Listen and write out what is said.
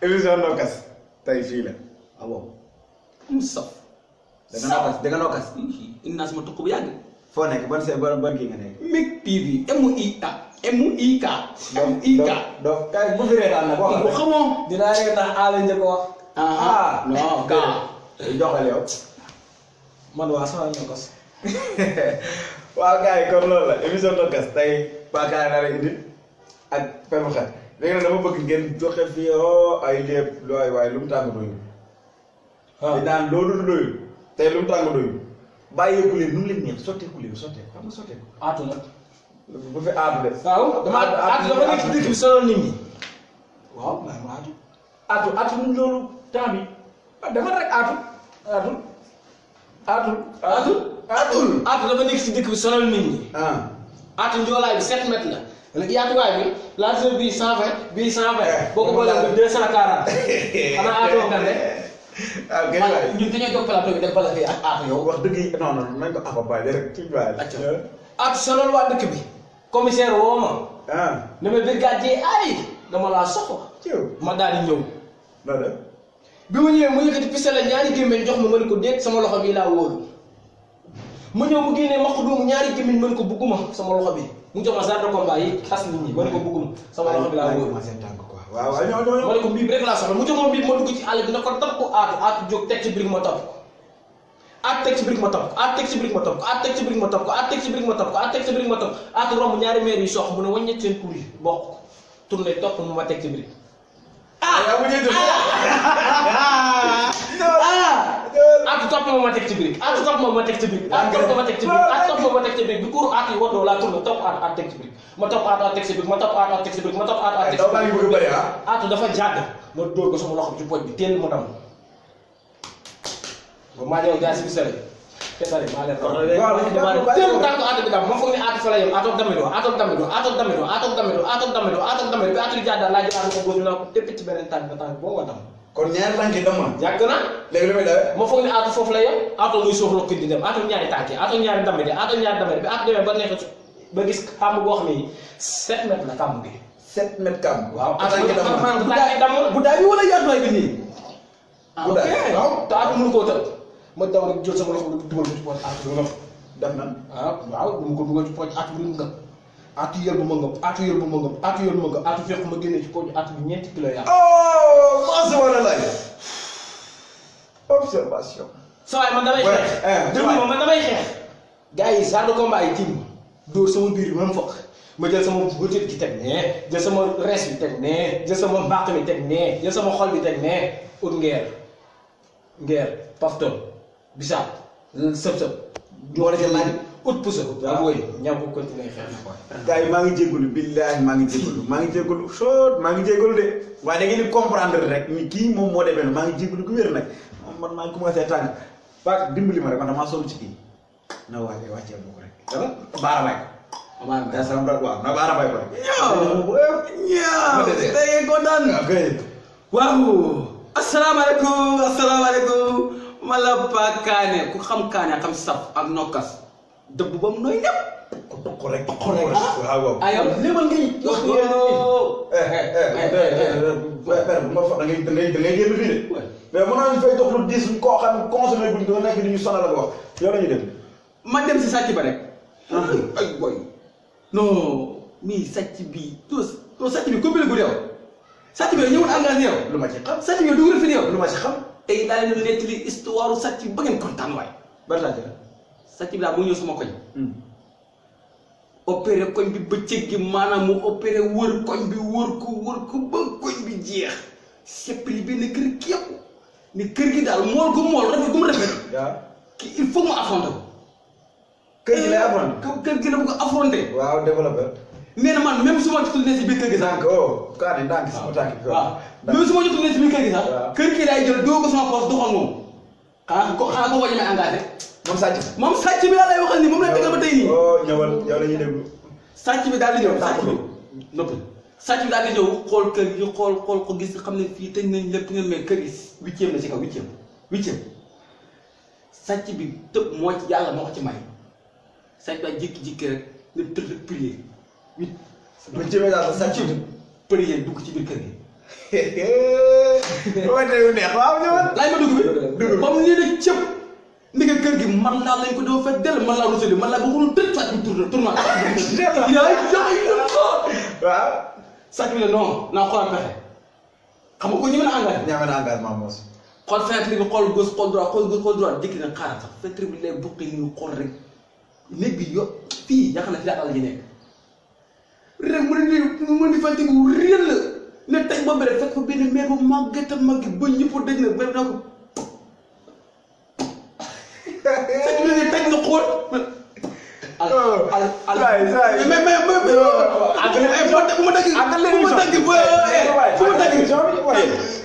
Hivi sio Locust Taifila. Abo. dengan Daga Dengan daga Locust. Inna asma tukub yagi. Fone ke ban sai ban ban Mik TV, emu ita. Emu ika. Dom ika. Dom ka bu fire na Ah, no, ka. Eh, Joxale kali Man wa sama Locust. Waaw gars yi kon loolu la émission Locust tey ak léegi nag dama bëgg ngeen joxe fii oh ay léeb looy waaye lu mu tàng doyul. waaw ah. di naan loolu doyul tey lu mu tàng doyul bàyyeeku leen nu mu leen neex sotteeku leen sotteeku xam nga sotteeku. aatu nag. bu fi aatu de. waaw dama aatu dafa nekk ci dëkk bi sonal nit ñi. waaw maa ma aatu. aatu aatu ñun loolu temps bi ah dama rek aatu aatu. aatu aatu. aatu dafa nekk ci dëkk bi sonal nit ñi. Ah. aatu njoolaay bi 7 mètres la. léegi yaatuwaay bi largeur bii cent bii cent boo ko boolee bi deux cent quarante xanaa aatoo nga ne ah gën a ñun dañoo jox plateau bi def bala fii ak yow wax dëgg yi non non nañ ko accompagner rek tuuti waay aatu sa loolu waa dëkk bi commissaire woo ma ah ne ma brigadier ay dama laa soxla ma daal di bi ma ñëwee mu yëkkati pistolet ñaari gémmeñ jox ma ma ne ko déet sama loxo bii laa wóolu ma ñëw mu génnee maxdum ñaari gémmiñ mën ko bugguma sama loxo bi mu jox ma saar de combat yi xas nit ñi mën ko bugguma sama loxo bi laa wóor waaw ma ne ko mbiib rek laa soxla mu jox ma mbiib ma dugg ci ko topp aatu aatu ma topp aat teg ci brique ma topp aat teg ci brique ma topp aat teg ci brique ma topp aat teg ci brique ma topp aat teg ci brique ñaari meer yi sox mu ne wàññi seen bokk tourné topp mu ma teg ci moom ma teg ci biir aat topp moom ma teg ci biir aat topp moom ma teg ci biir aat topp moom ma teg ci biir bi kuuru aat yi woddoo laa tourné topp aat aat teg ci biir ma topp aat aat teg ci biir ma topp aat aat teg ci biir ma topp aat aat teg ci biir ah? aatu dafa jàdd ma dóor ko sama loxo ci pooj bi teel mu dam ba maa ñëw gars yi sori kesari maa leen teel mu tànk aatu bi dam ma foog ne aatu fa la yem aatoog damido aatoog damido aatoog damido aatoog damido aatoog damido aatoog damido bi aatu yi jàdd laa jël aatu ko góor ñu naa ko tépp ci beneen tànk ba tànk boo ma dam kon ñaari tànk yi yàgg na. léegi lu muy dawee. ma foog ne aatu foofu la yem aatu muy suuf lokki di dem aatu ñaari tànk yi aatu ñaari dama de aatu ñaari dama de ba ba nekk ba gis kàmm boo xam ne 7 mètres la kàmm bi. 7 mètres kàmm. waaw aatu yi dama bu bu daay bi wala yaatuwaay bi nii. Ah, bu koo tël ma daw rek jël sama loxo dugal ko ci poche aatu. def na ah, waaw waaw bu ma ko aatu yël bu ma ngëm aatu yël bu ma ngëm aatu yël bu ma ngëm aatu feex ma génnee ci kooju aatu bi ñeenti kilo yaa oh maa sama la laaj observation sa waay man damay xeex eh, déglu ma man damay xeex gars yi genre combat yi tiim dóor sama biir bi mam fokk ma jël sama bëtit gi teg nee jël sama res bi teg nee jël sama mbàq mi teg nee jël sama xol bi teg nee ut ngeer ngeer pafton bisaab sëb-sëb doole ca laaj ut puso. waaw wóoyi ña ko continuer xeex na ko. gars yi maa ngi jégalu billaahi maa ngi jégalu maa ngi jégalu soo maa ngi jégalu de waaye da ngeen di comprendre rek ni kii moom moo demee maa ngi jégalu ku wér nag man maa ngi commencé tàng parce que dimbali ma rek man damaa sonn ci na waa kay wàccee ko rek dama baara bay ko. baara bay ko daa sama waaw na baara bay ko rek. ñaaw ñaaw kontaan. waaw asalaamaaleykum asalaamaaleykum. ma la Paa Kaane ku xam Kaane xam saf ak nokkas. dëbb ba mu nooy ñëpp. toq rek toq rek ah aywa limal ngay. wax nga bu ma fa da ngay da mais mën naa ñu fay dox lu diis koo xam ne consommé buñ ko nekk di ñu sonal ak wax yow la ñuy dem. ma dem si sàcc ba rek. ay boy non mii sàcc bi tos tos sàcc bi combien la guddi yow. sàcc bi ñëwul engagé yow. lu ma ci xam sàcc bi yow dugg na fi yow. lu ma ci xam. tey daal di nettali histoire sàcc bi ba ngeen kontaan waay. bari laa Sath laa moo ñëw sama koñ. Hmm. opéré koñ bi bëccëg gi maanaam mu opéré wër koñ bi wër ko wër ko ba koñ bi jeex seppali benn kër képp ni kër daal mool gu mool ki il faut mu affronté ko. kër gi lay eh, kër gi la ne kër gi oh, daay jël doo ko sama poche doxal moom. xanaa ko xanaa ko wàññi may moom sàcc bi moom sàcc bi laa lay waxal nii moom lay dëggal ba tey nii. oh ñëwal yow la ñuy bi daal di ñëw sàcc bi noppi sàcc bi daal di xool kër yi xool xool ko gis xam ne fii tëj nañ lépp ngeen mais kër yi huitième la ci kaw huitième bi tëb moo ci yàlla ci may sàcc bi jékki-jékki rek ne tëdd prier huit. ba jëmee daal sàcc bi prier ci biir kër gi. ñëwal. laaj ma dugg bi dugg comme nii man laa lañ ko doon fa del man laa rusali man laa ba warul tëj sàcc bi tourné tourné. yaay yaay waaw. sàcc bi ne non naa xoolal pexe xam nga ko ñëw na engrais. ñëw na engrais maa moos. xool fenêtre bi xool gauche xool droit xool gauche xool droit jékki na xaaral sax fenêtre bi lay buqi ñu xool rek néeg bi yo fii yaakaar na fi la àll ji nekk. rek mu ne nii mu ne fàtte gu réel ne tey ba bëre fekk fa benn meegu màgget a màgg ba ñëpp daj na ba naa ko. mais mais mais. ak léegi bu ma dagg bu ma dagg